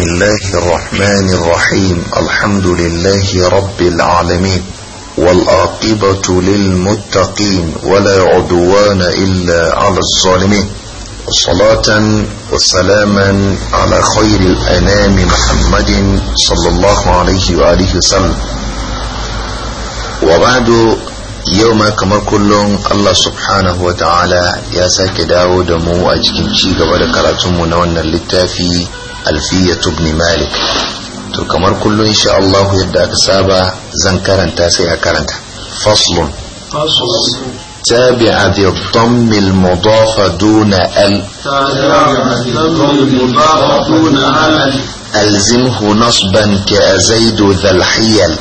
بسم الله الرحمن الرحيم الحمد لله رب العالمين والعاقبة للمتقين ولا عدوان إلا على الظالمين صلاة وسلاما على خير الأنام محمد صلى الله عليه وآله وسلم وبعد يوم كما كل الله سبحانه وتعالى يا ساك داود مو أجكين شيء قبل كراتم ونونا للتافي ألفية ابن مالك to kamar kullum insha Allah yadda aka saba zan karanta sai فصل karanta تابع ذي الضم المضاف دون ال تابع ذي المضاف دون ال ألزمه نصبا كأزيد ذا الحيل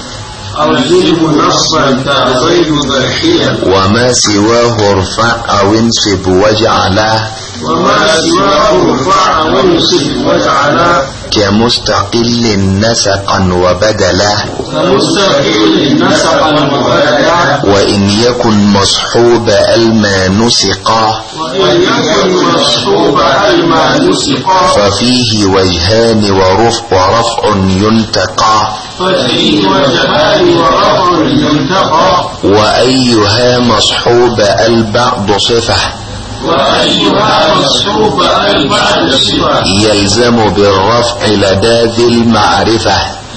ألزمه نصبا كأزيد ذا الحيل وما سواه ارفع أو انصب واجعله وما سواه رفع وانصب وجعلا كمستقل نسقا وبدلا كمستقل نسقا وبدلا وإن يكن مصحوب ألما نسقا وإن يكن مصحوب ألما نسقا ففيه وجهان ورفع ورفع ينتقى ففيه وجهان ورفع ينتقى وأيها مصحوب البعض صفة وأيها مصروفة بعد الصفة يلزم بالرفع لدى ذي المعرفة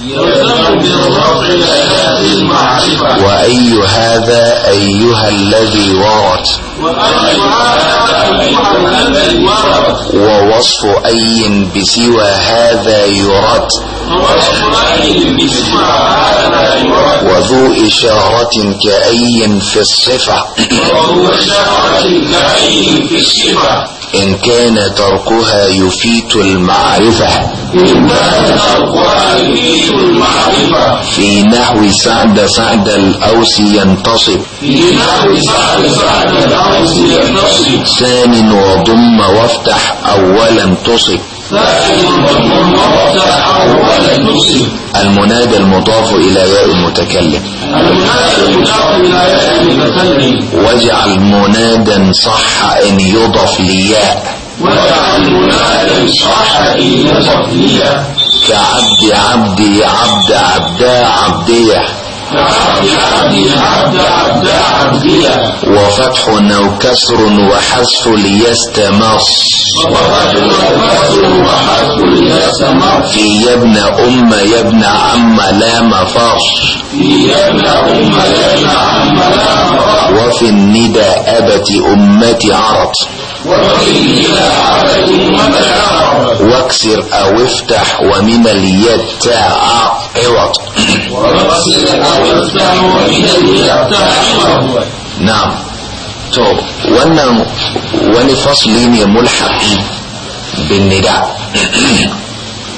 يلزم بالرفع المعرفة أيها الذي وأي هذا أيها الذي ورد ووصف أي بسوى هذا يرد وذو إشارة كأي في الصفة وذو إشارة كأي في الصفة إن كان تركها يفيت المعرفة إن كان تركها يفيت المعرفة في نحو سعد سعد الأوس ينتصب في نحو سعد سعد الأوس ينتصب ثان وضم وافتح أولا تصب المنادى المضاف إلى ياء المتكلم المنادى المضاف إلى ياء المتكلم واجعل منادا صح إن لياء واجعل منادا صح إن يضف لياء كعبد عبدي عبد عبدا عبديه وفتح أو كسر وحذف ليستمص في يا ابن أم يا ابن عم لا مفص وفي الندى أبت أمتي عرض واكسر او افتح ومن اليد تاء عوض نعم تو طيب، وانا وانا فصلين ملحقي بالنداء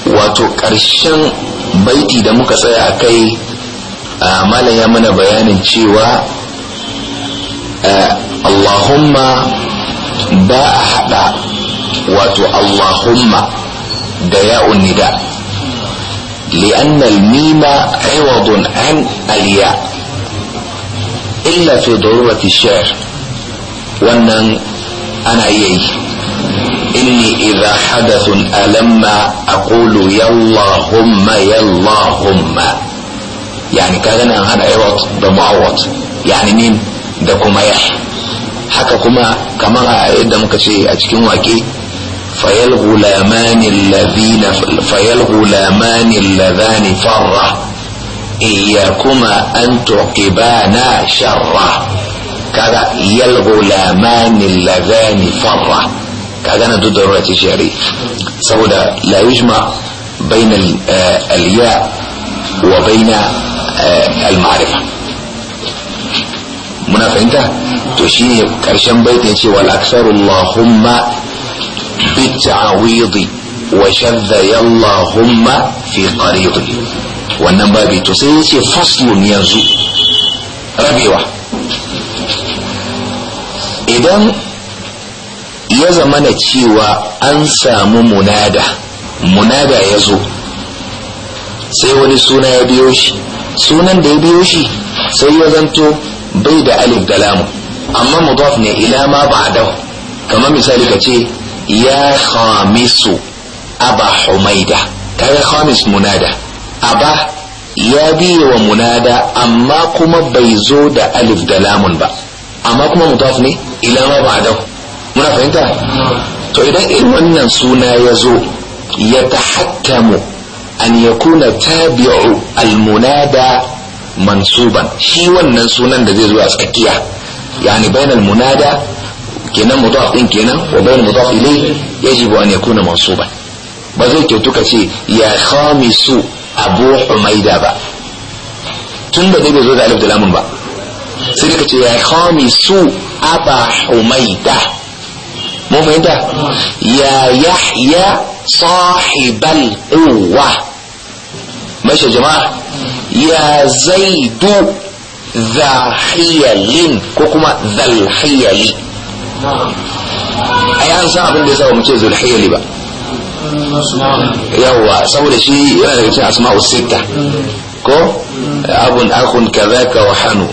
واتو كرشن بيتي دمك سيأكي أعمال آه، يمن بيان شيوا آه، اللهم ba a hada wato allahumma da ya'un nida لأن الميم عوض عن الياء إلا في ضرورة الشعر وأن أنا إيه إني إذا حدث ألما أقول يلاهم يلاهم يعني كذا أنا عوض ده معوض يعني مين ده كميح haka kuma kamar a yadda muka ce a cikin wake fayal gulamani ladhina fayal gulamani ladhani farra iya kuma an tuqibana sharra kaga yal gulamani ladhani farra kaga na duk darura ce shari saboda la yujma bayna al ya wa bayna al ma'rifa muna fahimta to shine karshen baitin ce wal aksaru allahumma bit'awidi wa shadda allahumma fi qaridi wannan babi to sai yace faslun yanzu rabewa idan ya na cewa an samu munada munada ya zo sai wani suna ya biyo shi sunan da ya biyo shi sai ya zanto bai da alif da lamu amma mudaf ne ila ma ba'dahu kamar misali ka ce ya khamisu aba humaida kaga khamis munada aba ya biye wa munada amma kuma bai zo da alif da lamun ba amma kuma mudaf ne ila ma ba'dahu muna fahimta to idan irin wannan suna ya zo ya tahakkamu an yakuna tabi'u al munada mansuban shi wannan sunan da zai zo a tsakiya yani bainal munada kenan mudaf din kenan wa bainal mudaf ilayhi yajibu an yakuna mansuban ba zai kyautu ka ce ya khamisu abu humaida ba tun da dai bai zo da alif da lamun ba sai ka ce ya khamisu aba humaida mun fahimta ya yahya sahibal quwwah ماشي يا جماعة يا زيد ذا حيل كوكما ذا الحيل نعم أي انسان صعب إن بيسوي مجهز الحيل بقى يوا سوى شيء أسماء الستة كو اب أخ كذاك وحنو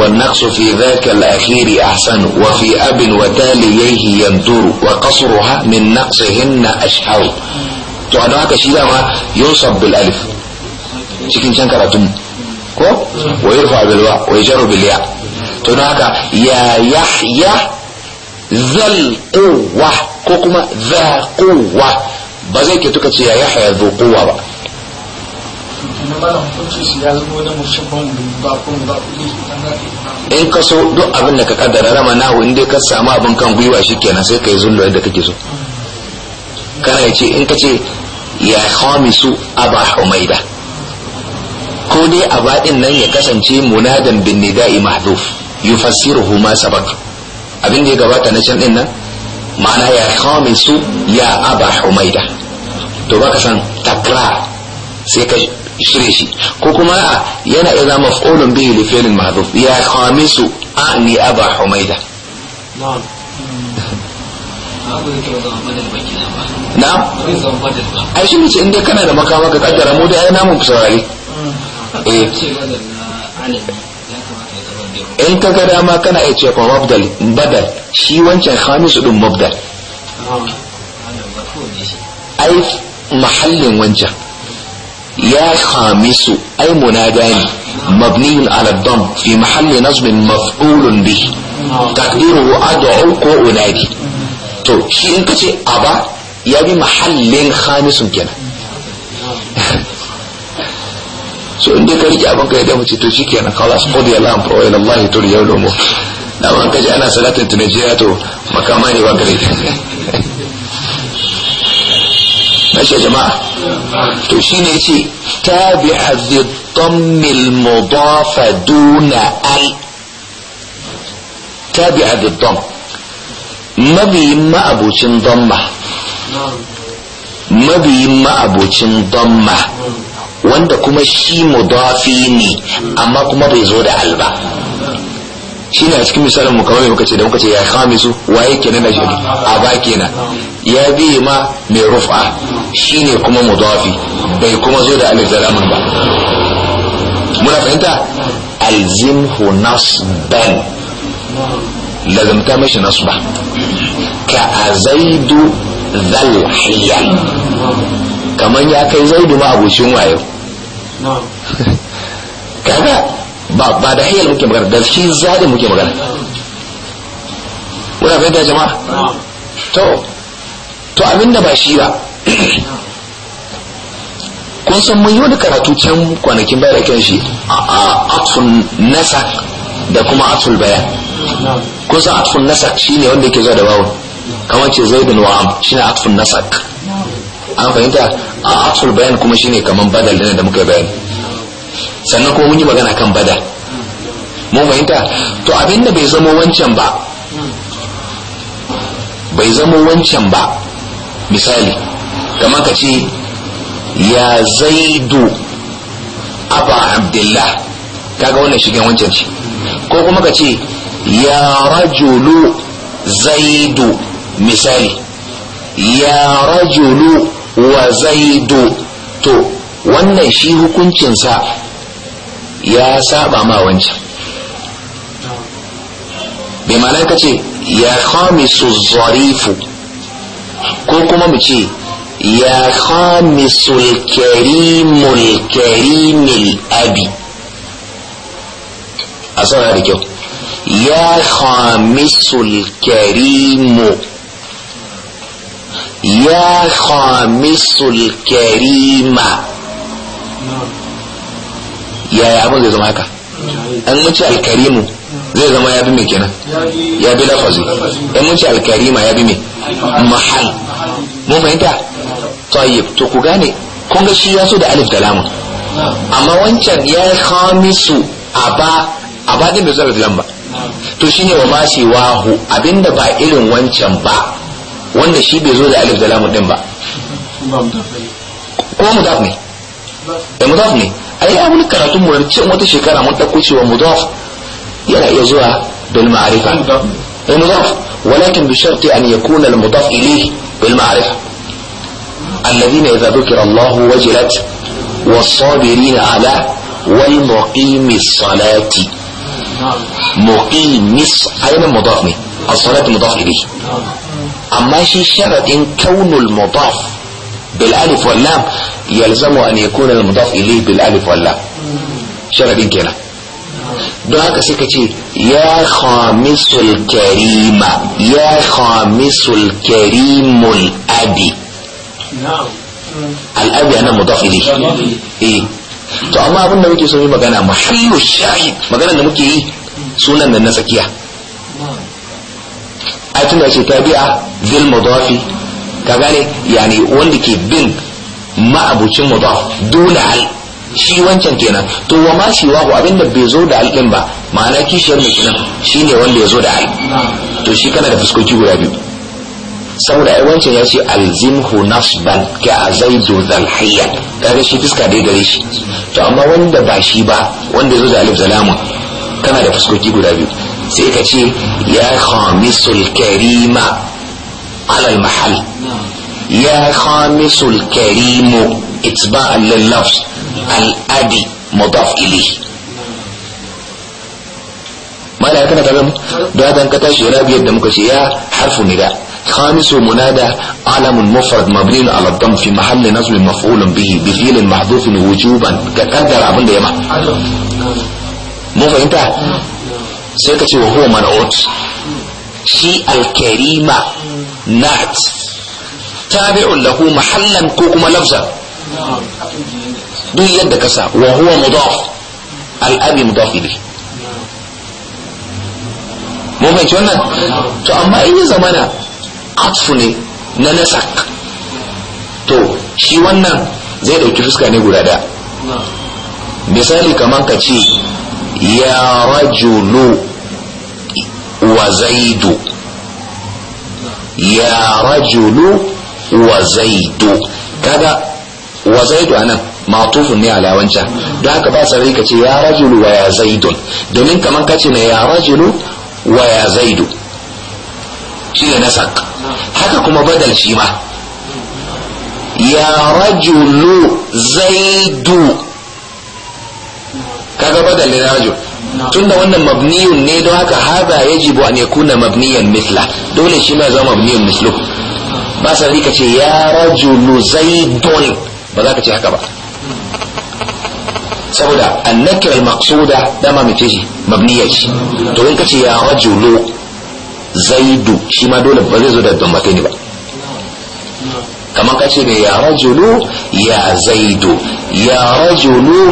والنقص في ذاك الأخير أحسن وفي أب وتاليه يندر وقصرها من نقصهن أشهر تعالوا هذا الشيء ينصب بالألف cikin can karatun ko wa yi bil wa wa yajru bil ya to don haka ya yahya zal quwwa ko kuma za quwwa ba zai ke tuka ce ya yahya zu quwwa ba in ka so duk abin da ka kaddara rama nahu in dai ka samu abin kan gwiwa shikenan sai ka yi zullo yadda kake so kana ya ce in ka ce ya khamisu aba humaida ko dai a baɗin nan ya kasance munadan bin nida'i mahdhuf yufassiruhu ma sabaq abin da ya gabata na can din nan ma'ana ya khamisu ya aba humaida to baka san takra sai ka shirye shi ko kuma a yana iya zama fa'ulun bihi li fi'lin mahdhuf ya khamisu ani aba humaida na'am na'am ai shi ce inda kana da makama ka kaddara mu da ai namun saurare Eh. in ka ga dama kana iya cewa mabdal badal shi wancan khamisu din mabdal ai mahallin wancan ya khamisu ai munada ne mabniyun ala dam fi mahalli nasbin maf'ulun bi taqdiruhu ad'u ko unadi to shi in kace aba ya bi mahallin khamisun kenan so in dai ka rike abin ka ya damu ce to shikenan khalas su al-amr wa ila Allah turja'u al-umur dan ka ji ana salatin tunajiya to makama ne ba gare ماشي يا جماعة توشين يتي تابع ذي الضم المضاف دون ال تابع ذي الضم مبي ما أبو ضمة مبي ما أبو ضمة wanda kuma shi mudafi ne amma kuma bai zo da alba shi ne a cikin misalin mu kamar muka ce da muka ce ya khamisu waye kenan da shi a ba kenan ya bi ma mai rufa shi ne kuma mudafi bai kuma zo da alif da ba muna fahimta alzimhu nasban lazamta mashi nasba ka azaidu zal hiyal kaman ya kai zaidu ma abocin wayo kaga ba ba da hayyar muke magana da shi zaɗin muke magana muna da jama'a to to abinda ba shi ba kun san mun yi wani karatu can kwanakin baya da kyan shi a atfun nasa da kuma atful baya kun san atfun nasa ne wanda yake zuwa da bawon kamar ce bin wa'am shi shine atfun nasak an fahimta a aksul bayan kuma shine kaman badal dana da muka bayani sannan kuma mun yi magana kan badal mun fahimta to abin da bai zama wancan ba bai zama wancan ba misali kamar ka ce ya zaidu aba abdullah kaga wannan shigen wancan ce ko kuma ka ce ya rajulu zaidu misali ya rajulu وزيد تو wannan shi hukuncinsa ya saba ma wancan bai ma'ana ka ce ya khamisu zarifu ko kuma mu ce ya khamisu karimul karimil abi a saurara da kyau ya khamisu karimu يا خامس الكريم zai zama haka an mace alkarimu zai zama ya mai kenan ya bi lafazi an mace alkarima ya mai mahal mun fahimta tayyib to ku kun ga shi da alif da lamun amma wancan ya khamisu aba aba din bai da lam ba to shine wa ma wahu abinda ba irin wancan ba wanda shi bai zo da alif da lam din ba ko mudaf ne da mudaf ne ai ya mun karatu mu cin wata shekara mun dauko cewa mudaf yana iya zuwa bil ma'rifa ai mudaf walakin bi sharti an yakuna al mudaf ilayhi bil ma'rifa alladhina idza dhukira Allah wajilat والصابرين على والمقيم الصلاة مقيم أين مضاف الصلاة مضاف إليه amma shi sharadin kaunul mudaf bil alif wal lam yalzamu an yakuna al mudaf ilayhi bil alif wal lam sharadin kenan don haka suka ce ya khamisul karima ya khamisul karimul abi al'abi ana mudaf ilayhi eh to amma abin da muke so yi magana mahallu shahid magana da muke yi sunan nan na tsakiya ai tunda ce tabi'a bil mudafi ka gane yani wanda ke bin ma'abucin mudaf duna al shi wancan kenan to wa ma shi wahu abinda bai zo da al din ba ma'ana kishiyar mai kenan shine wanda ya zo da al to shi kana da fuskoki guda biyu saboda ai wancan ya ce alzimhu nasban ka azaidu zal hayya kaga shi fiska da gare shi to amma wanda ba shi ba wanda ya zo da alif zalamun kana da fuskoki guda biyu sai ka ce ya khamisul karima alal mahal ya اتباعا لللفظ الابي مضاف اليه ما لا يكون تمام ده هذا انك تاشي بيد يا حرف نداء خامس منادى علم مفرد مبني على الضم في محل نصب مفعول به بفيل محذوف وجوبا كقدر عبد يا مو أيوه. فهمتها sai ka ce wa huwa ot. shi alkarima nat tabi'un lahu mahallan ko kuma lafza duk yadda ka sa wa huwa mudaf al-abi mudaf ilayhi mun fahimci wannan to amma in yi zamana atfu ne na nasak to shi wannan zai dauki fuska ne guda da misali kamar ka ce ya rajulu wa zaidu ya wa zaidu kaga wa zaidu anan matufun ne ala can. don aka ba sarari ka ce ya wa ya zaidun domin kamar ka ce ne ya wa ya zaidu shi ne nasak haka kuma badal shi ma ya rajulu kaga badal ne na rajul tunda wannan mabniyun ne don haka ya yajibu an yakuna mabniyan mithla dole shi ma zama mabniyun mislu ba sa ka ce ya rajulu zaidun ba za ka ce haka ba saboda annakira al da dama mace ce mabniya ce to in ka ce ya rajulu zaidu shi ma dole ba zai zo da dambatai ne ba kamar ka ce ne ya rajulu ya zaidu ya rajulu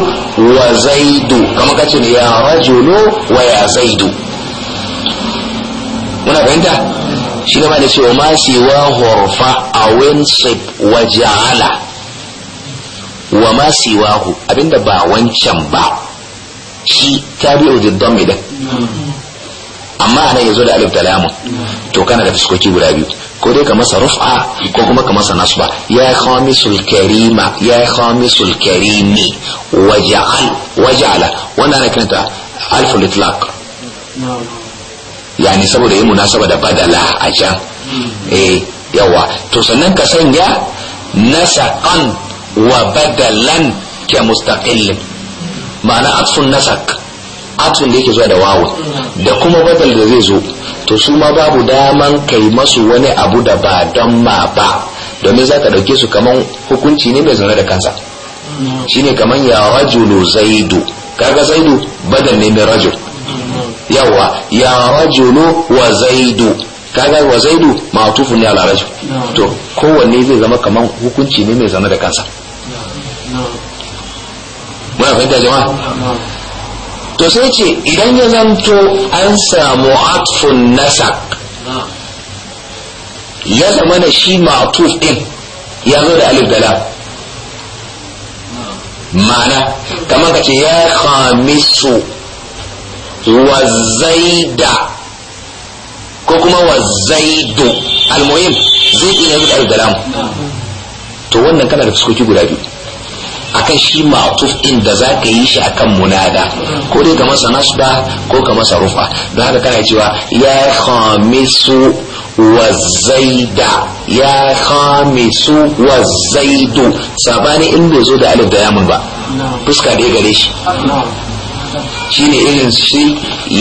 wa zaidu kamar ka ce ne ya rajulu wa ya zaidu muna fahimta shi ne ma da wa ma siwa horfa a winsip wa ja'ala wa ma hu abinda ba wancan ba shi tabi'u jiddon mai amma ana yanzu da alif da lamun to kana da fuskoki guda biyu ko dai ka masa rufa ko kuma ka masa nasba ya khamisul karima ya khamisul karimi waja'al waja'ala wanda ana kiranta alful itlaq yani saboda yi munasaba da badala a can eh yawa to sannan ka sanya nasaqan wa badalan ke mustaqillin ma'ana aksun nasaq atun da yake zuwa da wawu da kuma badal da zai zo to su ma babu daman kai masu wani abu da ba don ma ba domin za ka ɗauke su kaman hukunci ne mai zaune da kansa shi ne kaman ya rajulu zaidu kaga zaidu badal ne mai rajul yawa ya rajulu wa zaidu kaga wa zaidu ma'tufu ne ala rajul to kowanne zai zama kaman hukunci ne mai zaune da kansa muna fahimta jama'a to sai ce idan ya zanto an samu atfun nasa ya zama shi ma'atuf din ya zo da alif dala ma'ana kamar ka ce ya khamisu wa zaida ko kuma wa zaidu almuhim zai iya zuwa da lamu to wannan kana da fuskoki guda biyu akan shi ma'tuf din da za ka yi shi akan munada ko dai ka masa nasba ko ka masa rufa don haka kana cewa ya khamisu wa zaida ya khamisu wa zaidu sabani in bai zo da alif da yamun ba fuska da gare shi shine irin shi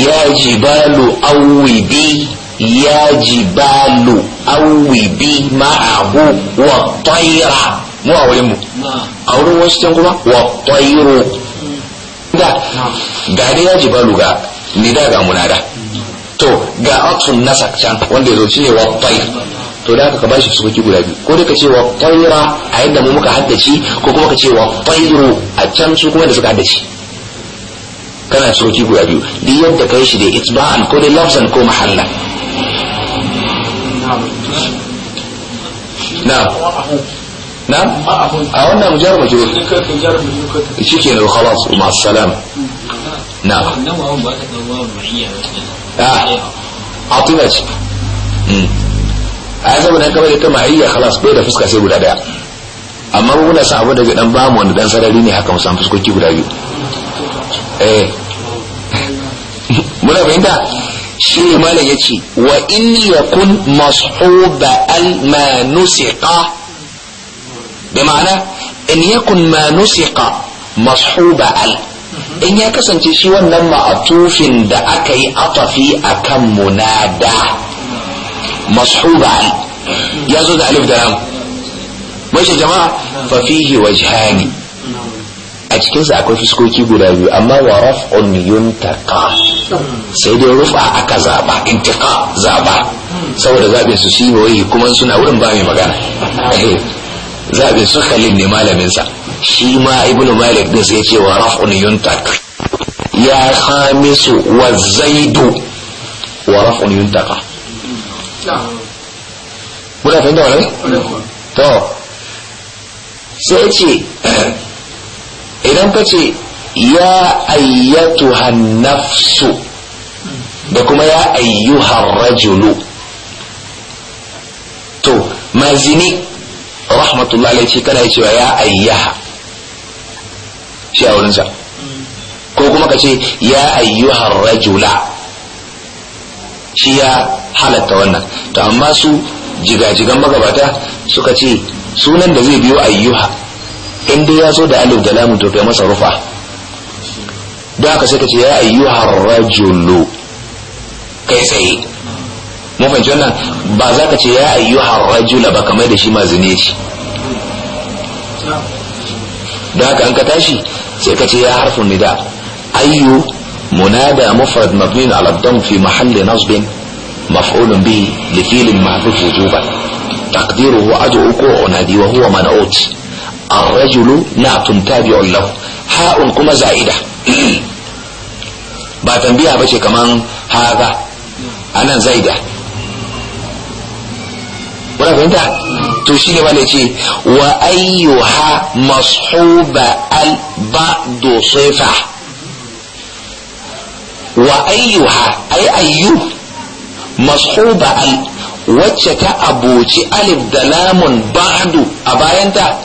ya jibalu awwibi ya jibalu awwibi ma'ahu wa tayra mu a wurin mu a wurin wasu can kuma wa ƙwayiro da ga ne ya balu ga nida ga munada to ga atsun nasa can wanda ya yazo ne wa ƙwai. to da aka bashi su kuki guda biyu ko da ka ce wa ƙwayira a yadda mu muka haddace ko kuma ka ce wa ƙwayiro a can su kuma da suka haddace kana kuki guda biyu duk yadda kai shi da itba'an ko da lafzan ko mahalla na نعم أولنا مجرد مجرور شكرا وخلاص ومع السلامة نعم آه أعطينا شيء a saboda ah, ah, eh, ah. hmm. kamar ita ma'iyya khalas bai da fuska sai guda daya amma muna sa abu da zai dan bamu wanda dan sarari ne aka musan fuskoki guda biyu eh muna fahimta shi ne yace wa in yakun mashuba al بمعنى إن يكن ما نسق مصحوب ال in ya kasance shi wannan ma'atufin da aka yi atafi a kan munada mashuba ya zo da alif da ram mace jama'a fafihi wajhani a cikinsa akwai fuskoki guda biyu amma wa raf'un yuntaka sai dai rufa aka zaba intiqa zaba saboda zabe su shi kuma suna wurin ba mai magana eh. zabe sukhalin ne malamin sa shi ma ibnu malik din sai ce wa raf'un yuntak ya khamisu wa zaidu wa raf'un yuntaka muna fahimta wani to sai ce idan ka ce ya ayyatuha nafsu da kuma ya ayyuha rajulu to mazini rahmatullahi alaihi ce kana cewa ya ayyaha shi a wurinsa ko kuma ka ce ya ayyuhar rajula shi ya halatta wannan to amma su jigajigan magabata suka ce sunan da zai biyo ayyuha in dai ya zo da alif da lamun to kai masa rufa don haka sai ka ce ya ayyuhar rajulu kai tsaye mun wannan ba za ka ce ya ayyuha rajula ba kamar da shi mazine shi da haka an ka tashi sai ka ce ya harfin nida ayyu munada mufrad mabnin ala dam fi mahalli nasbin مفعول به لفيل محذوف وجوبا تقديره أدعوك أنادي وهو منعوت الرجل نعت تابع له حاء كما زائدة ba tambiya ce kaman haza anan zaida muna fahimta to shi ne bane ce wa ayyuha mashuba al ba'du sifa wa ayyuha ay ayyu mashuba al wacce ta aboci alif da lamun ba'du a bayanta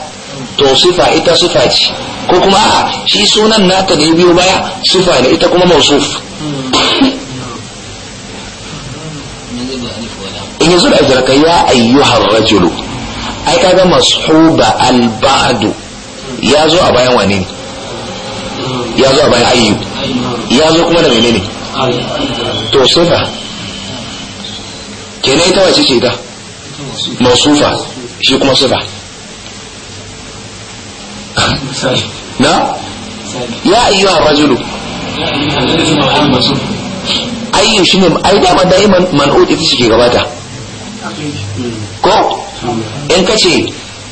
to sifa ita sifa ce ko kuma a'a shi sunan nata da ya biyo baya sifa ne ita kuma mausuf in yanzu da kai ya ayyuhar rajulu ai kaga mashuba al ba'du ya zo a bayan wane ya zo a bayan ayyu ya zo kuma da menene to sifa kenan ita wace ce ta masufa shi kuma sifa na ya ayyuhar rajulu ayyu shi ne ai dama da'iman man'ud ta shi ke gabata ko in ka ce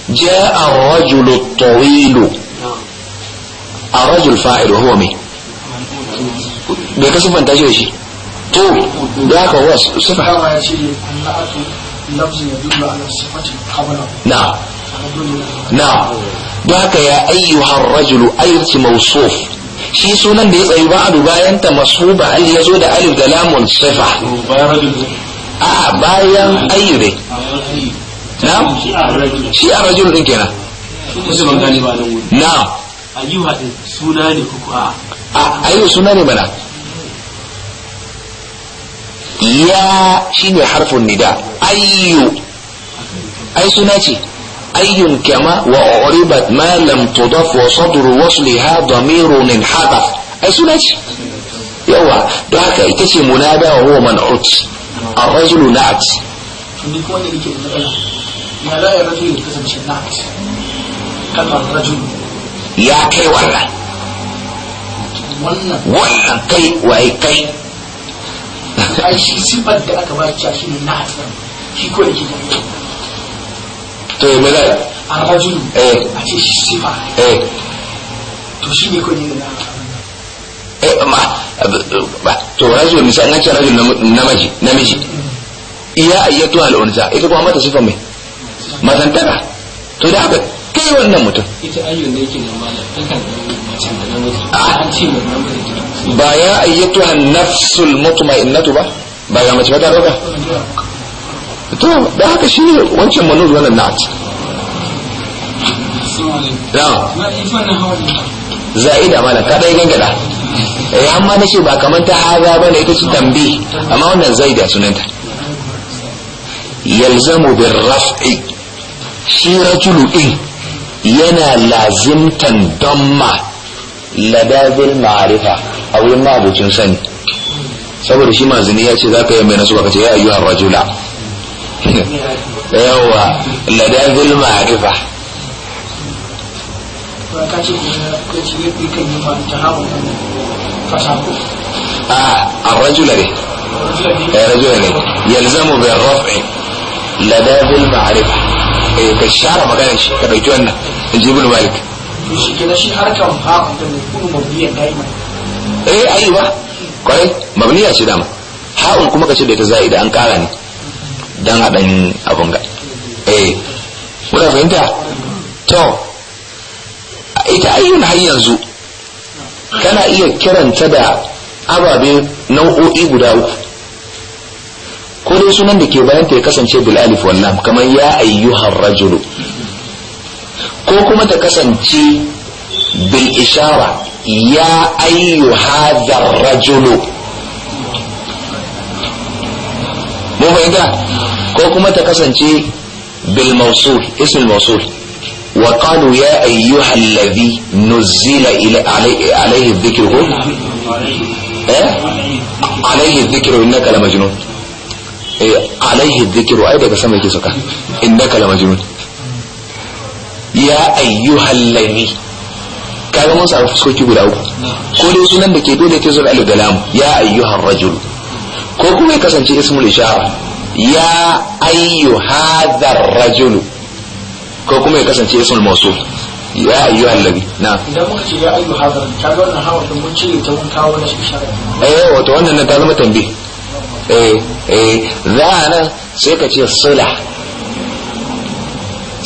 ja arrajulu tawilu arrajul fa'il huwa me bai ka sifanta shi da shi to da haka huwa sifa na na da haka ya ayyuhar rajulu ayyuki mausuf shi sunan da ya tsayi ba a bayan ta masu ba ya zo da alif da lamun sifa a bayan ayyube na shi a rajul ɗin kenan kusa ban gani ba don wuri na ayyuba din suna ne kuku a ayyuba suna ne mana ya shi ne harfin nida ayyu ai suna ce ayyun kama wa uribat ma lam tudaf wa sadr ha damiru min hadaf ai suna ce yawa don haka ita ce munada wa huwa man'ut ar-rajulu na'at to ni kuma wanda nake da matsala ya za a yi rajulu ya kasance na'at kalmar rajulu ya kai wannan wannan wannan kai waye kai ai shi sifar da aka ba shi ne na'at shi ko yake da to me da ar-rajulu eh a ce ne ko ne da na'at Eh, to rajul misal nan ce rajul namiji namiji iya ayyatu al unsa ita kuma mata sifa mai mazantaka to da haka kai wannan mutum ita ayyun ne yake mamala takan da namiji a ah. ce namiji ba ya ayyatu an nafsul mutma'innatu ba ba ga mace ba ta dauka to da haka shi wancan manur wannan na'at na'am za'ida malam ka dai gangada eh amma nace ba kamar ta ba ne ita ce tambi amma wannan zaida sunanta yalzamu bil raf'i shi rajulu din yana lazimtan damma ladazil ma'arifa a wurin ma'abucin sani saboda shi manzini ya ce za ka yi mai nasu ka ce ya ayyuhar rajula yawa ladazil ma'arifa ka ce da ciniki kan yi ma ta hamu fasako a arrajula ne arrajula eh, ne yalzamu bil raf'i ladabil ma'rifa eh ka share maganar shi ka dauki wannan jibul malik to shi kenan shi harkan hamu da kullu mabiyan daima eh aiwa kwarai mabniya ce dama ha'un kuma ka ce da ita an kara ne dan haɗin abin ga eh ita ayyun har yanzu kana iya kiranta da ababe nau'o'i guda uku ko dai sunan da ke bayan ta ya kasance bil alif wal lam kamar ya ayyuhar rajulu ko kuma ta kasance bil ishara ya ayyuhar rajulu mu fahimta ko kuma ta kasance bil mawsul ismul mawsul وقالوا يا أيها الذي نزل عليه, الذكر هو إيه؟ عليه الذكر إنك لمجنون إيه؟ عليه الذكر أيضا كسمي كيسوكا إنك لمجنون ya ayyuhal ladhi kaga mun samu fuskoki guda uku ko dai sunan da ke dole ta zuwa alif da ya ayyuhar rajul ko kuma ya kasance ismul ishara ya ayyuhadhar rajul ko kuma ya kasance ismul mawsul ya ayyu allabi na idan muka ce ya ayyu hadar ta ga wannan hawa din mun cire ta mun kawo da ishara eh wato wannan nan ta zama tambi eh eh za nan sai ka ce sila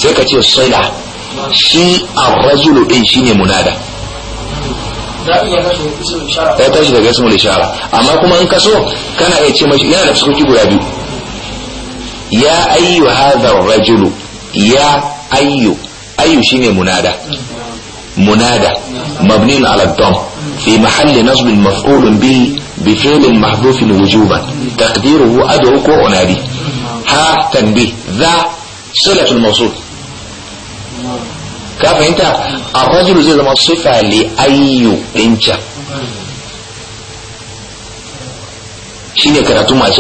sai ka ce sila shi ar-rajulu din shine munada ya tashi daga ismul ishara amma kuma in kaso kana iya ce mashi yana da sukuki guda biyu ya ayyu hadha ar-rajulu ya ايو ايو shine منادى منادى مبني على الضم في محل نصب مفعول به بفعل محذوف وجوبا تقديره أدعوك وأنادي ها تنبيه ذا صلة الموصول كيف انت الرجل زي ما صفة لأي انت شيني كراتو ما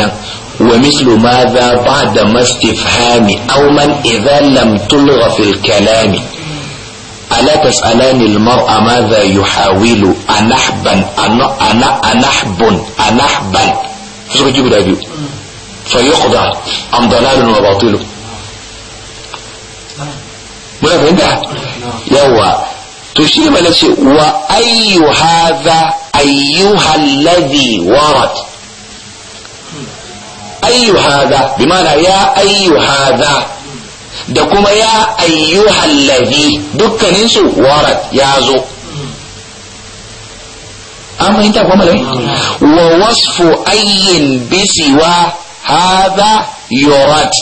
ومثل ماذا بعد ما استفهام أو من إذا لم تلغ في الكلام ألا تسألان المرأة ماذا يحاول أنحبا أنا أنا أنحب أنحبا فسوف تجيب الأبيو فيقضى أم ضلال وباطل ولا فهمتها يوا تشير ما وأي هذا أيها الذي ورد ayyu hada bi mana ya ayyu hada da kuma ya ayu ladhi dukkanin su warat ya zo inta kuma malai wa wasfu ayyin siwa hada yurad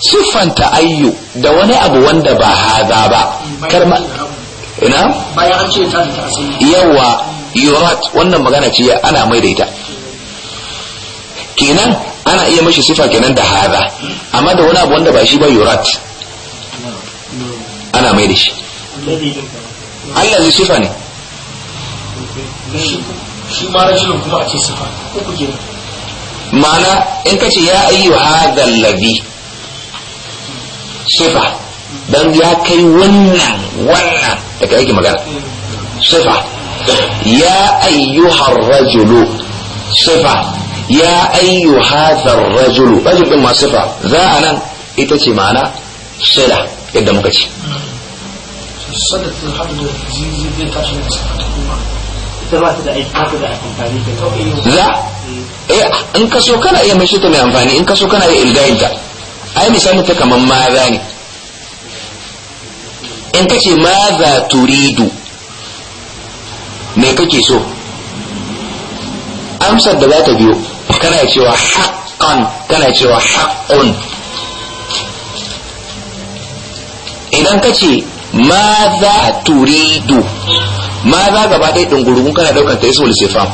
siffanta ayyu da wani abu wanda ba hada ba karma ina ba an ce ta yawa yurat wannan magana ce ana mai da ita kenan ana iya mashi sifa kenan da hada amma da wani abu wanda ba shi ba yurat ana mai da shi Allah zai sifa ne shi ma kuma sifa uku ma'ana in kace ya ayyu hadha alladhi sifa dan ya kai wannan wannan da kake magana sifa ya ayyuhar rajulu sifa ya ayyu hadhar rajul rajul din masifa za nan ita ce ma'ana sila yadda muka ce za eh in ka so kana iya mai shi mai amfani in ka so kana iya ilgayin ta ai misali ta kaman maza ne in ka ce maza turidu me kake so amsar da za ta biyo kana cewa haqqan kana cewa haqqun idan ka ce ma za turidu ma za gaba ɗaya kana ɗaukar ta yi sole sai fam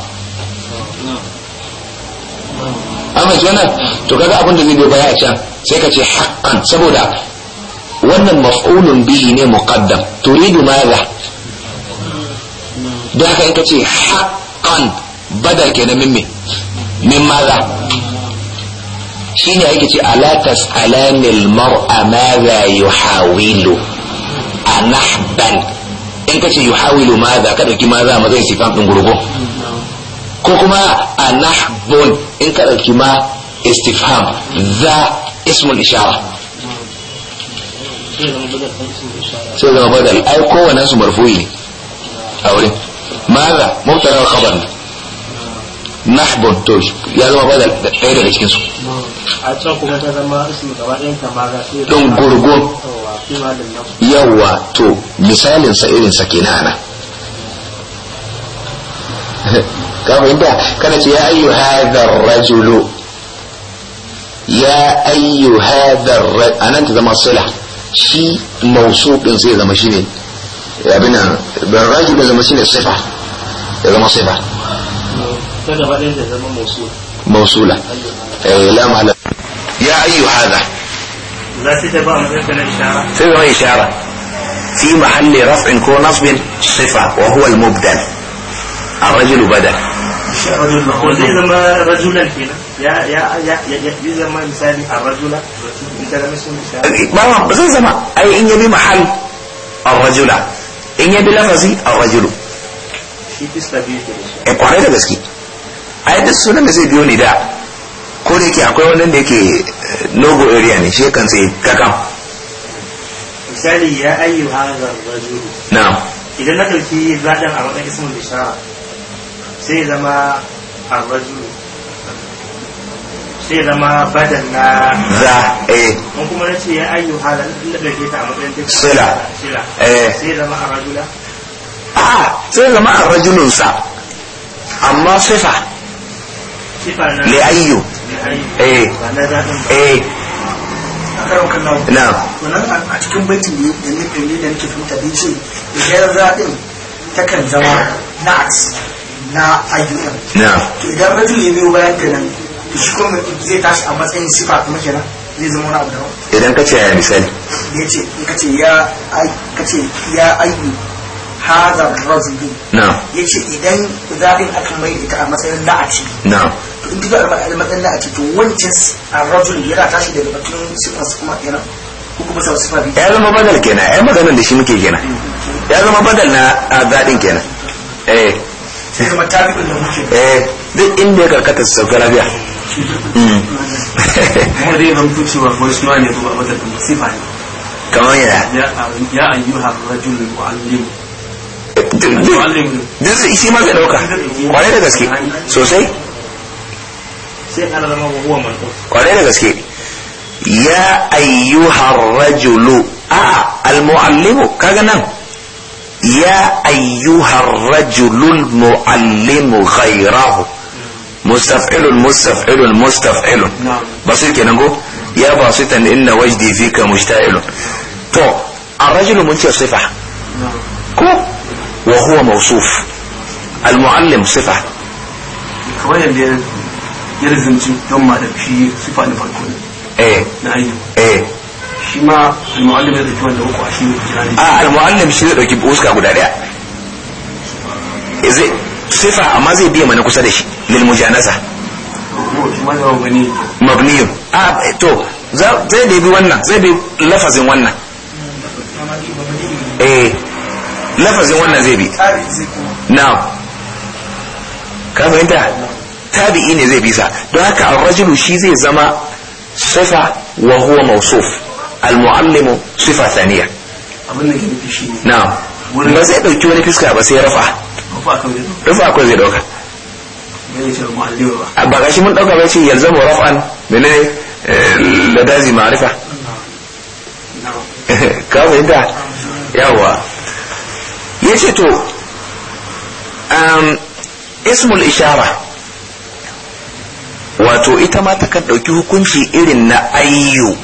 an wannan to kaga abin da zai biyo baya a can sai ka ce haqqan saboda wannan maf'ulun bihi ne muqaddam turidu ma za da haka in ka ce haqqan badal kenan mimmi min maza shi ne ake ce alatas alamil mar'a maza yuhawilu a nahban in ka ce yuhawilu maza ka ɗauki maza maza yin sifan ko kuma a in ka ɗauki ma istifham za ismul ishara sai su maza ne nahbun to ya zama ba da ɗaya daga cikinsu a can kuma ta zama ismi gaba ɗayan ɗin gurgun yawa to misalin sa irin sa kenan ana ka fahimta kana ce ya ayyu hadar rajulu ya ayyu hadar anan ta zama sila shi mausu ɗin sai zama shine abin nan ban rajulun zama shine sifa ya zama sifa موصولة gaba ɗaya ta zama mausula mausula eh lam ala ya ayyu في محل رفع كون نصب صفة وهو المبدل الرجل بدل الرجل مقول زي زما رجلا فينا يا يا يا يا زما الرجل انت لما إيه، اسمه ما زي زما اي ان يبي محل الرجل ان يبي لفظي الرجل shi fi stabi ke da ai duk sunan da zai biyo ni da ko da yake akwai wannan da yake logo eh, area ne shi kan sai kakan misali ya ayyu hadha rajul na'am idan na dauki zadan a matsayin ismin bishara sai ya zama arrajul rajul sai zama badan na za eh mun kuma nace ya ayyu hadha na dauke ta a matsayin sila sila eh sai zama arrajula rajula ah, a sai zama arrajulun sa amma sifa li'ayyu eh eh karon kan nawa na a cikin baitin ne da ne fili da nake fita din ce idan zaɓin takan zama na'as na ayyukan na to idan rajul ya biyo bayan ta nan shi kuma zai tashi a matsayin sifa kuma kenan zai zama wani abu daban idan ka ce ya misali ya ce ka ce ya ka ce ya ayyu hazar rajul na ya ce idan zaɓin aka mai ita a matsayin na'ati na in ka zuwa da na a ce to wancan arrajul yana tashi daga batun sifan su kuma kenan ko kuma sau sifar ya zama badal kenan ya maganar da shi muke kenan ya zama badal na zaɗin kenan eh sai zama tabi'in da muke eh duk inda ya karkata su sauka lafiya hmm. kuma dai ban kuce wa ko shi ne ko ba da musifa ne kamar ya ya ayyuha rajul mu'allim shi ma zai dauka kwarai da gaske sosai sai kana zama huwa manqus kwarai da gaske ya ayyuhar rajulu a kaga nan يا أيها الرجل المعلم غيره مستفعل مستفعل مستفعل نعم. بسيط كده نقول يا بسيطا إن وجدي فيك مشتعل تو الرجل منتهي صفة نعم. كو وهو موصوف المعلم صفة ya rizanci don ma da shi sifa na farko ne eh. na ainihin eh shi ma al-muallim ya dauki wanda uku a shi ne jirani a ah, al-muallim shi zai dauki uska guda daya zai sifa amma zai biya mana kusa da shi lil mujanasa mabniyun a ah, to zai da wannan zai bi lafazin wannan eh lafazin wannan zai bi na ka fahimta tabi'i ne zai bisa don haka ar-rajulu shi zai zama sifa wa huwa mawsuf al-muallimu sifa thaniya abin da ke nufi shi na'am ba zai dauki wani fiska ba sai rafa rufa akwai zai dauka ba gashi mun dauka ba ce yanzu mu rafa'an menene eh, ladazi ma'rifa ka fahimta yawa yace to ismul ishara wato ita ma takan ɗauki hukunci irin na ayyu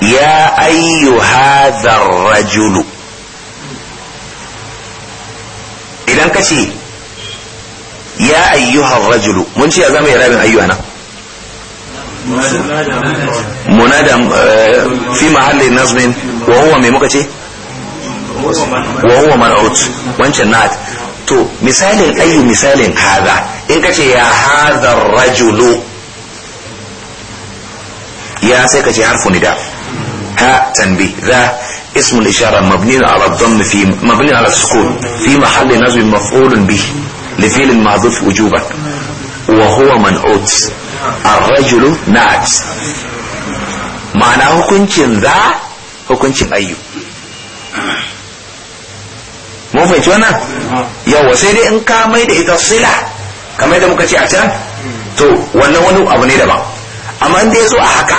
ya ayyu hazar rajulu idan ka ce ya ayyuhar rajulu mun ce ya zama irabin ayyuha nan munada eh, fi mahallin nazmin wa huwa mai muka ce wa huwa man'ut wancan na'at to misalin ayu misalin هذا in ka ce ya haza rajulu ya sai ka ce harfu nida ها تنبيه ذا اسم الإشارة مبني على الضم في مبني على السكون في محل نصب مفعول به لفعل معذوف وجوبا وهو منعوت الرجل نعت معناه كنت ذا وكنت أيو mun fahimci wannan yawa sai dai in ka mai da ita sila kamar da muka ce a can to wannan wani abu ne daban amma in da ya zo a haka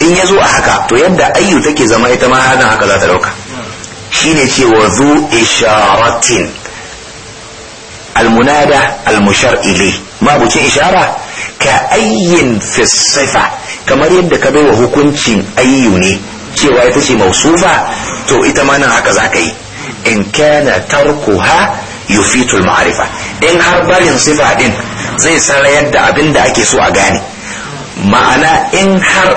in ya zo a haka to yadda ayyu take zama ita ma hadan haka za ta dauka shine cewa zu isharatin almunada almushar ilai mabucin ishara ka ayyin fisifa kamar yadda ka bai wa hukuncin ayyu ne cewa ita ce mausufa to ita ma nan haka za ka yi in kana tarkuha yufitul ma'arifa in har barin sifa din zai sarayar da abin da ake so a gane ma'ana in har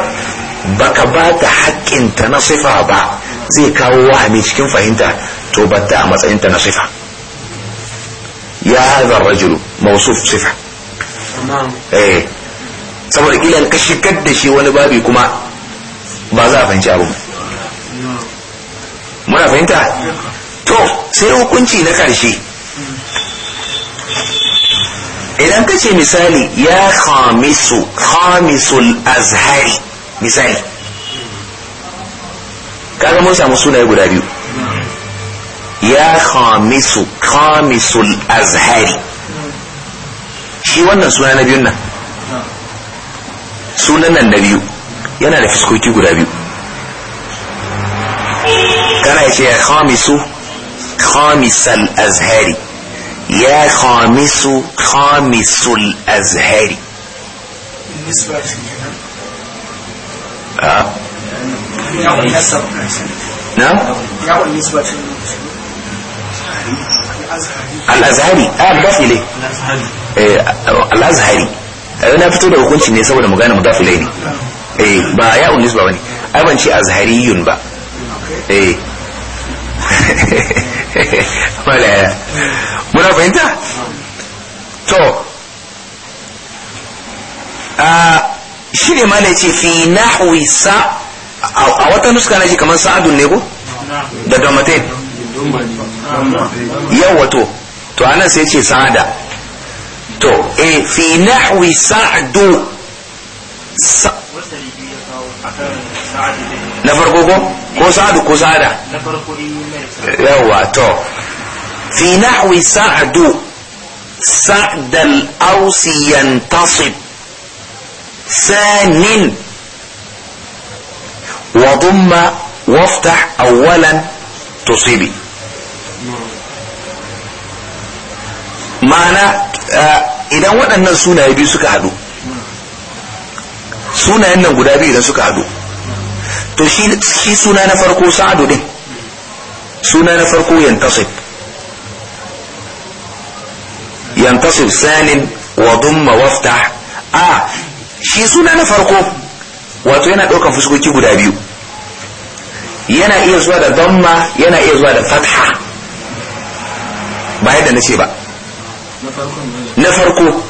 baka ba ta haƙƙinta na sifa ba zai kawo wahami cikin fahimta to batta a matsayinta na sifa ya hazar rajulu mausuf sifa eh saboda kilan ka shigar da shi wani babi kuma ba za a fahimci abu muna fahimta sai hukunci na ƙarshe idan ka ce misali ya khamisu khamisul azhari misali kaga mun samu sunaye guda biyu ya khamisu khamisul azhari shi wannan suna na biyun nan sunan nan na biyu yana da fiskoki guda biyu kana ce ya khamisu خامس الازهار يا خامس خامس الازهار بالنسبه اه نعم الازهري اه ضاف ليه آه، الازهري انا فتو ده كنت ني سبب مغانا مضاف ليه ايه با يا النسبه بني ابنشي ازهري ين با ايه wala muna fahimta to ah, shi ne ma ce fi nahwi sa a wata nuska na shi kamar sa'adun ne ko da domatin yau wato to ana sai ce sa'ada to eh fi nahwi sa'adu na farko ko ko sa'adu ko sa'ada yawa to fi nahwi sa'du سعد الأوس ينتصب ثان وضم وافتح أولا تصيبي ma'ana idan waɗannan sunaye biyu suka hadu sunayen nan guda biyu idan suka hadu to shi suna na farko sa'adu din suna na farko yantasib yantasib sanin wa dumma waftah a shi suna na farko wato yana ɗaukan fuskoki guda biyu yana iya zuwa da damma yana iya zuwa da fatha ba yadda na ce ba na farko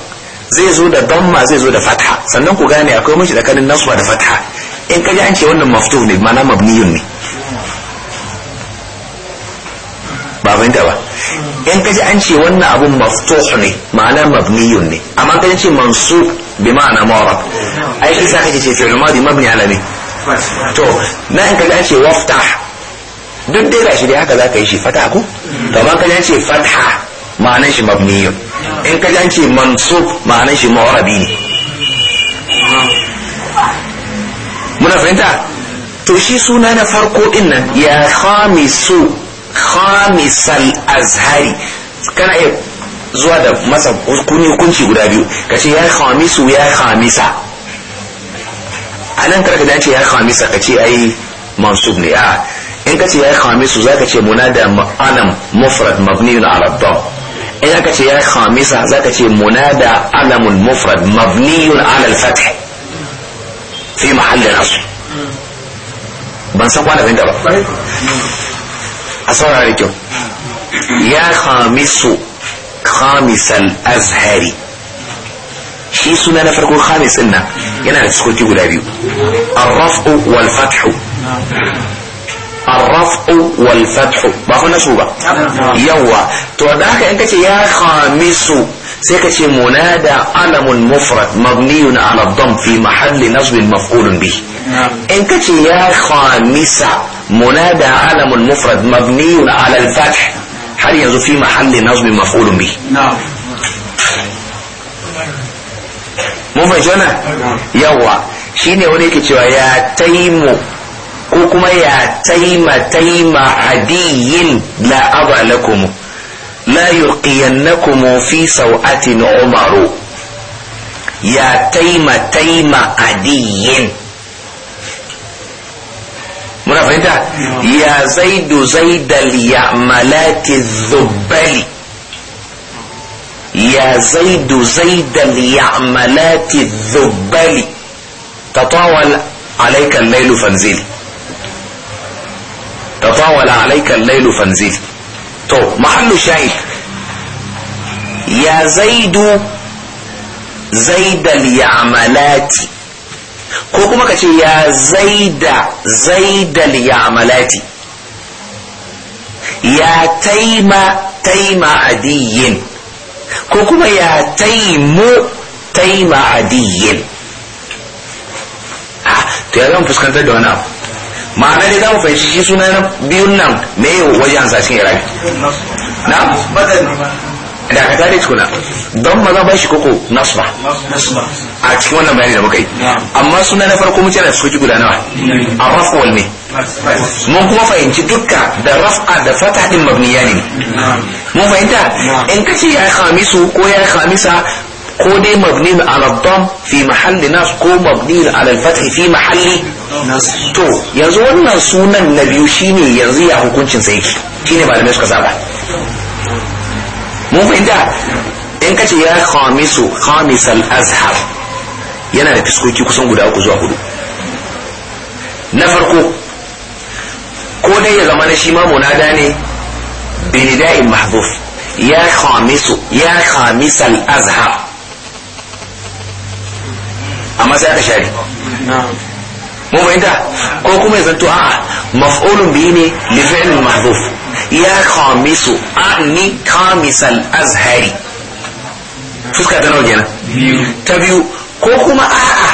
zai zo da damma zai zo da fatha sannan ku gane akwai mace tsakanin nasuwa da fatha in kaji an ce wannan maftu ne ma'ana mabniyun ne ba fahimta ba in kaji an ce wannan abun maftu ne ma'ana mabniyun ne amma kaji ce mansu bi ma'ana mawara ai sa kaji ce fi'l madi mabni ala ne to na in kaji an ce waftah duk dai gashi dai haka za ka yi shi fata ko to amma kaji an ce fatha ma'anar shi mabniyun in kaji an ce mansub ma'anar shi mu'rabi ne muna fahimta to shi suna na farko din nan ya khamisu khamisal azhari kana iya zuwa da masa kuni kunci guda biyu kace ya khamisu ya khamisa anan karka da ce ya khamisa kace ai mansub ne a in kace ya khamisu zaka ce munada alam mufrad mabni ala dhamma in aka ce ya khamisa zaka ce munada alamun mufrad mabniyun ala al-fath في محل نصب ban san kwana da ba a saurara kyau ya khamisu khamisal azhari shi suna na farko khamis din nan yana da sukoki guda biyu arraf'u wal fathu arraf'u wal fathu ba ku nasu ba yawa to da haka in kace ya khamisu سيكا شي منادى علم مفرد مبني على الضم في محل نصب مفعول به نعم. ان كتي يا خامسة منادى علم مفرد مبني على الفتح هل ينزل في محل نصب مفعول به نعم مو جنة نعم. يوا شيني وليك تيوا يا تيمو كوكما يا تيم تيم عدي لا أضع لكم لا يلقينكم في سوءة عمر يا تيم تيم عدي من فهمت يا زيد زيد اليعملات الذبل يا زيد زيد اليعملات الذبل تطاول عليك الليل فانزلي تطاول عليك الليل فانزلي to mahallu shahid ya zaidu zaidal ya'malati ko kuma ka ce ya zaida zaidal ya'malati ya taima taima adiyin ko kuma ya taimu taima adiyin ah, to ya zan fuskantar da wani abu ma'ana dai za mu fahimci shi suna na biyun nan me yau wajen sa cikin iraki na da ka tare tukuna don maza ba shi koko nasba a cikin wannan bayani da muka yi amma suna na farko mun tana suki guda nawa hmm. a rafwal ne mun kuma fahimci dukka da raf'a da fata din mabniya ne mun fahimta in kace ya yi hamisu ko ya yi hamisa ko dai mabni ala dam fi mahalli nas ko mabni ala al fi mahalli to yanzu wannan sunan na biyu shine yanzu ya hukuncin sa yake shine malamai suka saba mun fahimta in kace ya khamisu khamis al-azhar yana da fiskoki kusan guda uku zuwa hudu na farko ko dai ya zama na shi ma munada ne binida'in mahdhuf ya khamisu ya khamis al-azhar amma sai aka share mu fahimta ko kuma yanzu to a'a maf'ulun bihi ne li fi'lin mahdhuf ya khamisu ani khamisal azhari fuska ta nawa kenan ta biyu ko kuma a'a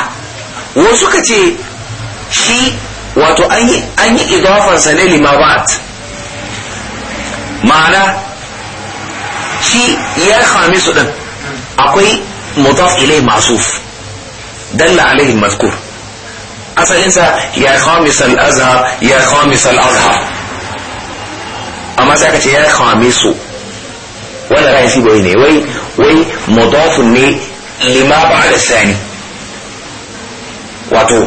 wasu ka ce shi wato an yi an yi lima ma'ana shi ya khamisu din akwai mudaf ilai masuf دل عليه المذكور أصلا ينسى يا خامس الأزهر يا خامس الأزهر أما ساكت يا خامس ولا رأي في بيني وي وي مضاف لما بعد الثاني واتو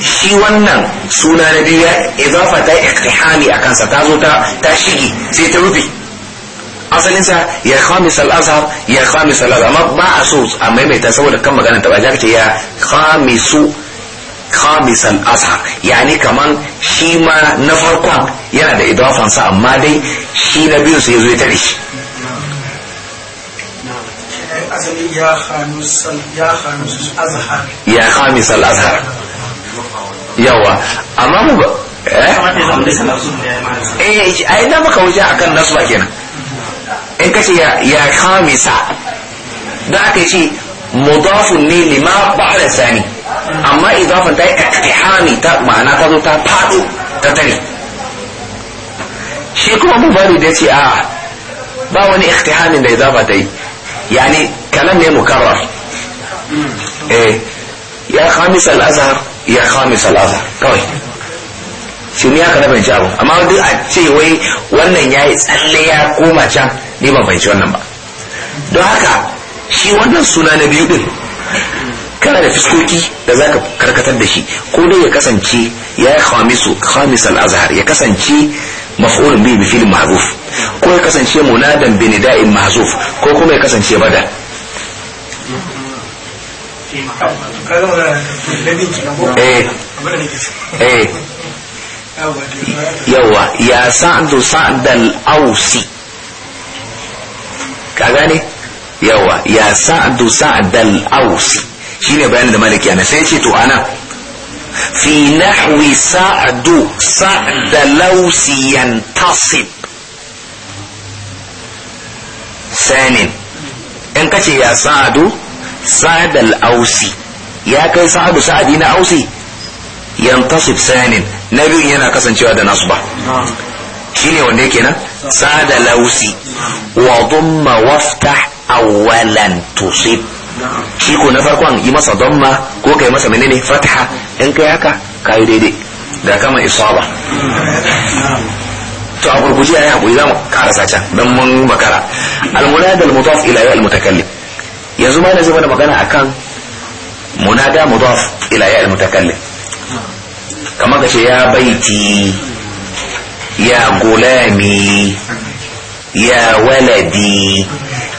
shi ونن سونا نبيا اضافة اقتحامي اكان iktihami a kansa ta asalinsa ya khamis al-azhar ya khamis al-azhar amma ba a so a maimaita saboda kan maganar ta ba za ce ya khamisu khamis al-azhar yani kaman shi ma na farkon yana da idafansa amma dai shi na biyu sai yazo ya tare shi ya khamis al-azhar ya khamis al-azhar yawa amma mu ba eh, eh ai da muka wuce akan nasba kenan in kace ya ya da aka ce mudafun ne lima ba'da sani amma idafan ta iqtihami ta ma'ana ta zo ta fado ta tare shi kuma bari da ce a ba wani iqtihamin da idafa ta yi yani kalam ne mukarrar eh ya khamis al ya khamis al kawai shi ni haka na fahimci abu amma duk a ce wai wannan ya yi tsalle ya koma can ni ban fahimci wannan ba don haka shi wannan suna na biyu din kana da fiskoki da zaka karkatar da shi ko dai ya kasance ya yi khamisu khamis al-azhar ya kasance maf'ulun bi bi fil ma'ruf ko ya kasance munadan bi nida'in mahzuf ko kuma ya kasance bada eh eh yawa ya sa'adu sa'adal ausi ka gane yawa ya sa'adu sa'adal ausi shine bayanin da maliki ana sai ce to ana في نحو سعد سعد لوس ينتصب ثاني ان كتي يا سعد سعد الاوسي يا كي سعد سعد اوسي ينتصب ثاني na biyun yana kasancewa da nasu ba Shi ne wanda yake nan sada lausi wa dumma wafta awwalan tusib shi ko na farkon yi masa damma ko kai masa menene fatha in kai haka kayi daidai da kama isaba to a gurguje ayi hakuri za mu karasa can don mun makara al-munada al ila al mutakalli yanzu ma na zama da magana akan munada mudaf ila ya al mutakalli kamar ka ce ya baiti ya gulami ya waladi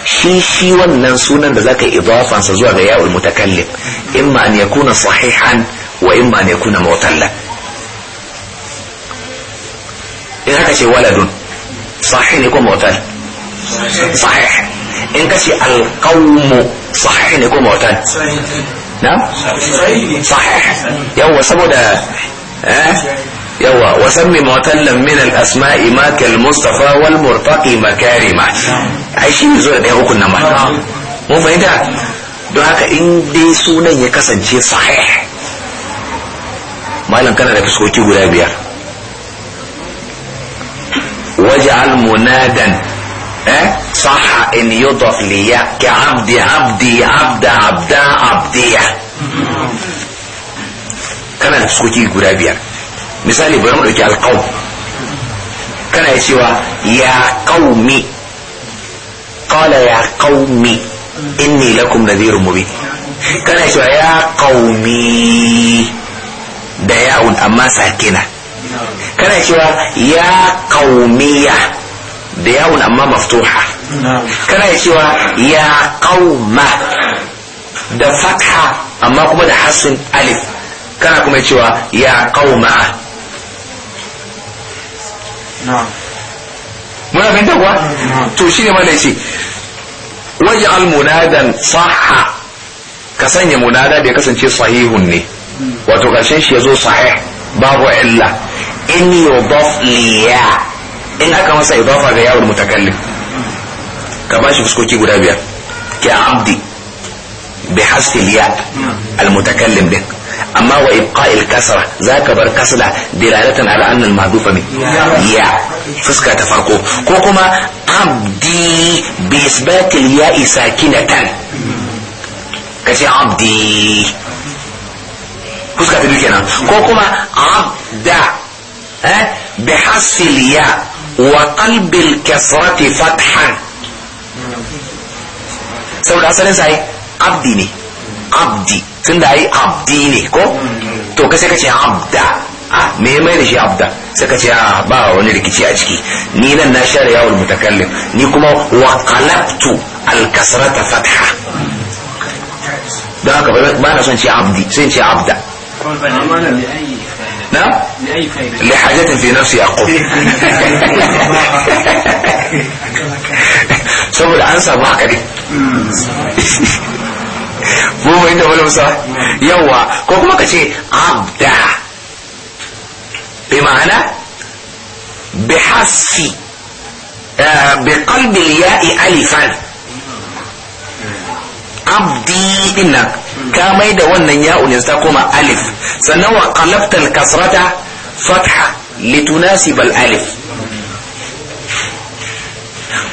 shi shi wannan sunan da zaka idafansa zuwa ga ya'ul mutakallim imma an yakuna sahihan wa in imma an yakuna mutalla in haka ce waladun sahih ne ko mutal sahih in ka ce alqawmu sahih ne ko mutal na sahih yawa saboda إيه؟ يوا وسم معتلا من الاسماء ما كالمصطفى والمرتقي مكارما نعم. عايشين زول ده كنا نعم. ما مو فايدة دو هكا ان دي سونا يكسن شيء صحيح ما لم كان لابس كوتي بيا وجعل منادا أه؟ صح ان يضاف لي كعبدي عبدي عبد عبد عبديا نعم. kana da fuskoki guda biyar misali bari mu ɗauki alƙawu kana cewa ya ƙaumi qala ya ƙaumi inni lakum nadhirun mubin kana cewa ya ƙaumi da amma sakina kana cewa ya ƙaumiya da ya'un amma maftuha kana cewa ya ƙauma da fatha amma kuma da hasin alif kana kuma cewa ya qauma muna fahimta kuwa to ne mana yace waj'al almunadan sahha ka sanya munada da ya kasance sahihun ne hmm. wato karshen shi yazo sahih babu illa in yudaf liya in aka masa idafa ga yawon mutakallim hmm. ka bashi fuskoki guda biyar ki amdi bi hasfi liya hmm. al din أما وإبقاء الكسرة ذاك بر كسرة دلالة على أن المهدوف من يا فسكة تفرقه كوكما عبدي بإثبات الياء ساكنة كسي عبدي فسكة تبيكنا كوكما عبد أه؟ الياء وقلب الكسرة فتحا سوى الأصل إنسان عبدي abdi da yi abdi ne ko to ka sai ka ce abda a me mai da shi abda sai ka ce a ba wani rikici a ciki ni nan na share yawon mutakallim ni kuma wa qalabtu al kasrata fatha don haka ba na son ce abdi sai ce abda نعم لحاجة في نفسي أقول saboda an samu haka ne mu mai da wani musa yawa ko kuma ka ce abda bi ma'ana bi hassi eh, bi qalbi ya'i alifan abdi ina ka mai da wannan ya'un yanzu ta koma alif sannan wa qalabta kasrata fatha litunasib al-alif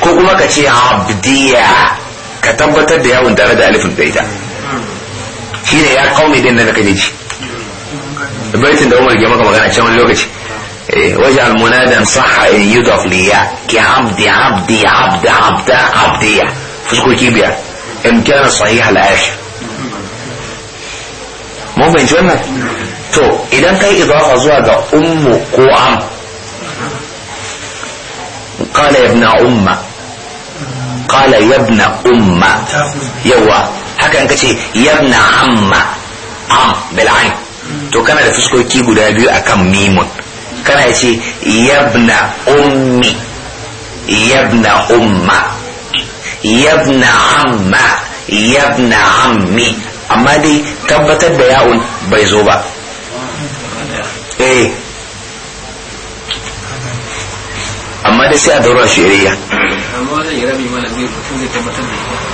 ko kuma ka ce abdiya ka tabbatar da yawon tare da alifin da ita shine ya kauni din da kaje ji baitin da Umar ke maka magana cewa wani lokaci waj'al munadan sahha in yudaf liya ki abdi abdi abdi abda abdiya fusku ki biya in kana sahih al mu ban ji wannan to idan kai idafa zuwa ga ummu ko am قال يا ابن أمة قال يا ابن أمة يوا haka in kace yabna amma am bil ain to kana da fuskoki guda biyu akan mimun kana yace yabna ummi yabna umma yabna amma yabna ammi amma dai tabbatar da ya'un bai zo ba eh amma dai sai a daura shi iriya amma zai ya rabi mana zai tabbatar da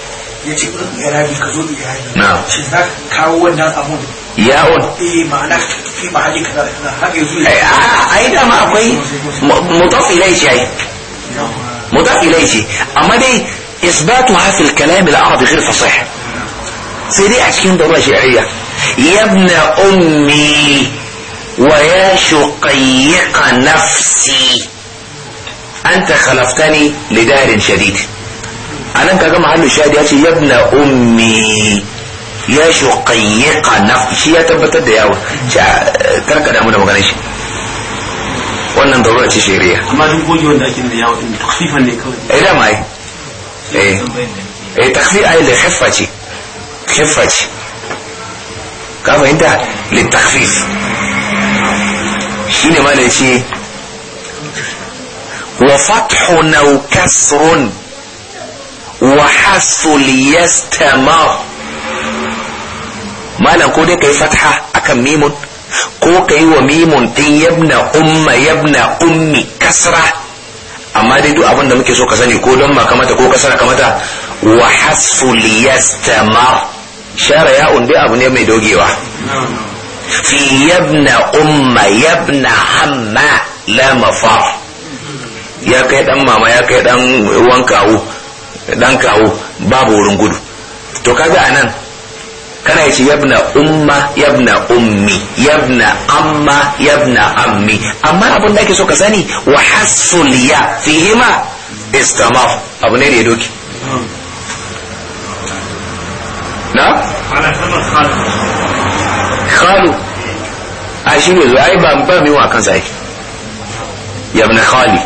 ya ce ɗin irabi ka zo irabi shi za ka kawo wannan abun yawon eh ma'ana fi mahalli kaza da kaza haka yanzu a yi dama akwai mutaf ilai ce ai mutaf ilai ce amma dai isbatu hafil kalam al-arabi ghir fasih sai dai a cikin darura shi'ariya ya ibn ummi wa ya shuqayyiqa nafsi anta khalaqtani li darin shadid anan kaga mahallu Shadi ya ce yabna ummi ya shuqayyiqa naf shi ya tabbatar da yawa ah, karka mu da maganar shi wannan daura ce shari'a amma duk goge wanda ake da yawa din takfifan ne kawai eh da mai eh eh takfif ai da khaffa ce khaffa ce ka fahimta li takfif shine ma da ce wa fathu naw kasrun wa hasul yastamar malam ko dai kai fatha akan mimun ko kai wa mimun din yabna umma yabna ummi kasra amma dai duk abin da muke so ka sani ko don ma kamata ko kasara kamata wa hasul yastamar shara ya dai abu ne mai dogewa fi yabna umma yabna hamma la mafar ya kai dan mama ya kai dan wankawo dan kawo babu wurin gudu to kaga anan kana yace yabna umma yabna ummi yabna amma yabna ammi amma abin da ake so ka sani wa hasul ya fihima istama abu ne da ya doki na khalu a shi ne ba mu ba mu wa kansa yake yabna khali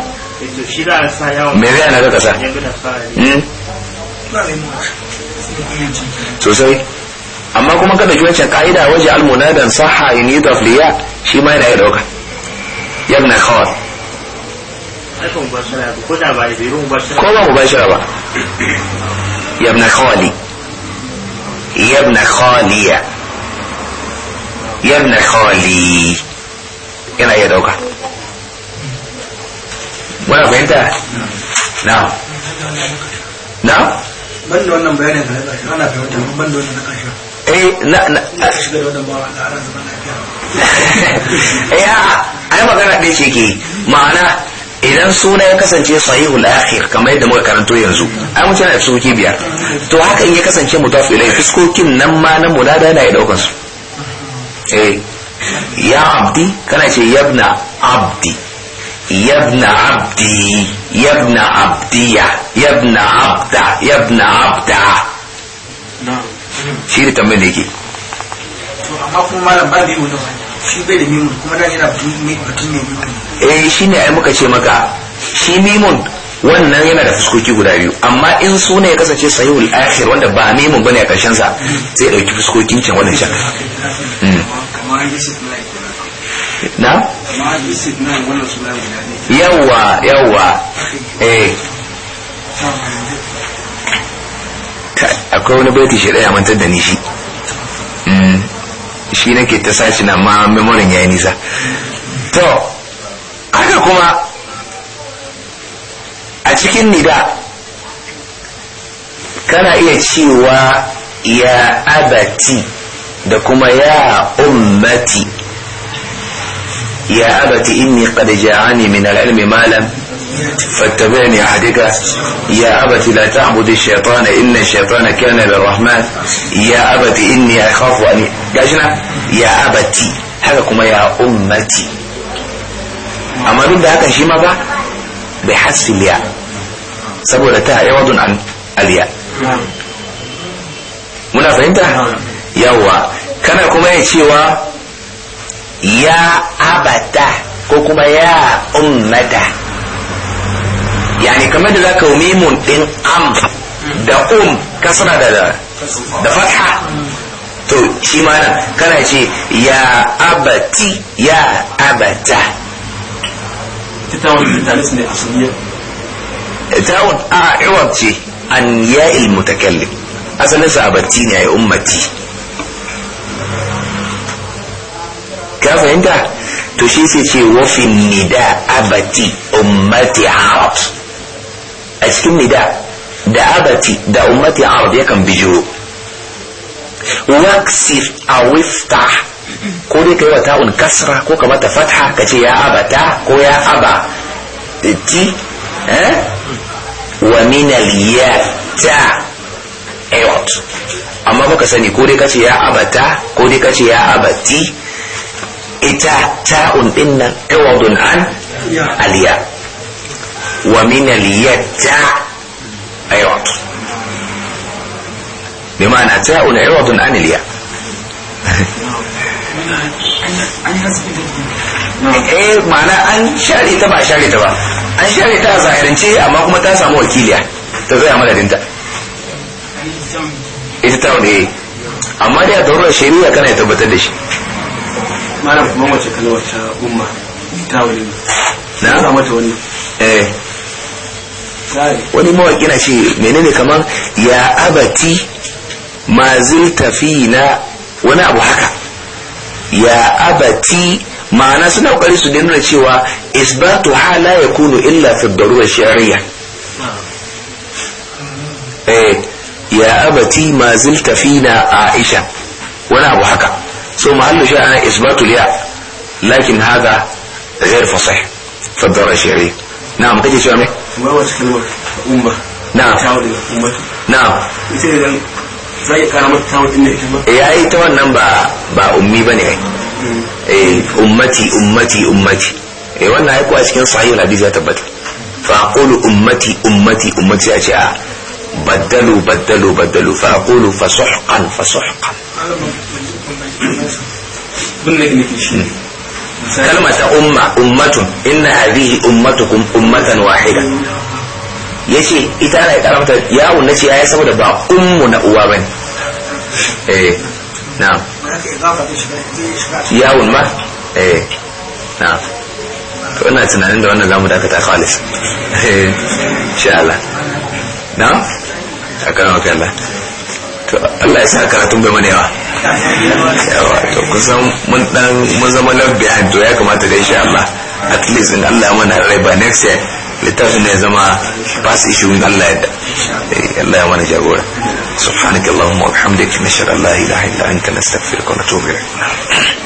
shi za a sa yawon me zai ana zaka sa sosai amma kuma kada ki wancan ka'ida waje almunadan sahha in yi tafliya shi ma yana ya dauka yabna kawai ko ba mubashara ba yabna khali yabna khaliya yabna khali yana ya dauka muna fahimta na na ban da wannan bayanin da na ana fahimta ban da wannan na kashe eh na na shiga da wannan ba da aran zaman lafiya eh ai magana ɗaya ce ke ma'ana idan suna ya kasance sahihul akhir kamar yadda muka karanto yanzu ai mutum yana fuskoki biyar to hakan ya kasance mudaf ilai fuskokin nan ma nan munada yana ya daukan su eh ya abdi kana ce yabna abdi yabna abdi yabna abdiya yabna abda yabna abda shi ne tambayin amma kuma ba muka ce maka shi mimun wannan yana da fuskoki guda biyu amma in suna ya kasance sahihul akhir wanda ba mimun bane a karshen sa hmm. zai dauki fuskokin can wannan can na? yawwa yawwa eh akwai wani baiti shi ɗaya mantar da ni shi mm. shi nake ta sashi na ma memorin ya yi nisa to haka kuma a cikin nida kana iya cewa ya abati da kuma ya ummati يا أبت إني قد جاءني من العلم ما لم فاتبعني أحدك يا أبت لا تعبد الشيطان إن الشيطان كان للرحمن يا أبت إني أخاف أن جاشنا يا أبتي هذا كما يا أمتي أما رد هذا شيء ما بحس الياء سبب لتها عوض عن الياء muna fahimta يا kana kuma ya cewa ya abata ko kuma ya ummata yani kamar da za ka mimun ɗin am da um kasra da da fatha to shi ma nan kana ce ya abati ya abata ta'un a iwab ce an ya ilmutakallim asalin sa abati ne ya ummati ka fahimta to shi sai ce wafin nida abati ummati arab a cikin nida da abati da ummati arab yakan bijiro waksif a wifta ko dai kai wata un kasra ko ka mata fatha ka ce ya abata ko ya aba ti eh? wa min al ta eh, ayot amma baka sani ko dai ka ce ya abata ko dai ka ce ya abati ita ta'un din nan iwadun an aliya wa min aliyata ayyat bi ma'ana ta'un iwadun an aliya eh ma'ana an share ta ba share ta ba an share ta a zahirance amma kuma ta samu wakiliya ta zai amadadinta ita ta wadda eh. amma da ya taurar shari'a kana ya tabbatar da shi malam kuma wace kalmar ta umma ta wuri na ana mata wani eh wani mawaki na ce menene kamar ya abati ma zilta na wani abu haka ya abati ma'ana suna kokari su nuna cewa isbatu hala ya kunu illa fi shari'a ah. eh. ya abati ma zilta na aisha wani abu haka ثم قال محل شاء إثبات الياء لكن هذا غير فصيح في الدورة الشعرية نعم كده شو عمي ما هو تكلمة أمة نعم تعود أمة نعم مثل زي كلامة تعود إنك يا إيه، أي توا نمبا با أمي بني أي أمتي أمتي أمتي أي وانا هيكو أشكين صحيح الحديث يا تبت فأقول أمتي أمتي أمتي أشياء بدلوا بدلوا بدلوا فأقول فسحقا فسحقا bin ne nake shi kalmata umma ummatun inna hadhihi ummatukum ummatan wahida yace ita ana karamta yawun shi yayi saboda ba ummu na uwa bane eh na'am yawun ma eh na'am to ina tunanin da wannan zamu dakata khalis eh insha Allah na'am akan wakalla to Allah ya sa karatun bai mana yawa to kusan mun dan mun zama left behind to ya kamata da insha Allah at least in Allah mana rai ba next year littafin da ya zama ba su ishi wun Allah yadda eh, Allah ya mana jagora subhanakallahumma wa bihamdika nashhadu an la ilaha illa anta nastaghfiruka wa natubu ilayk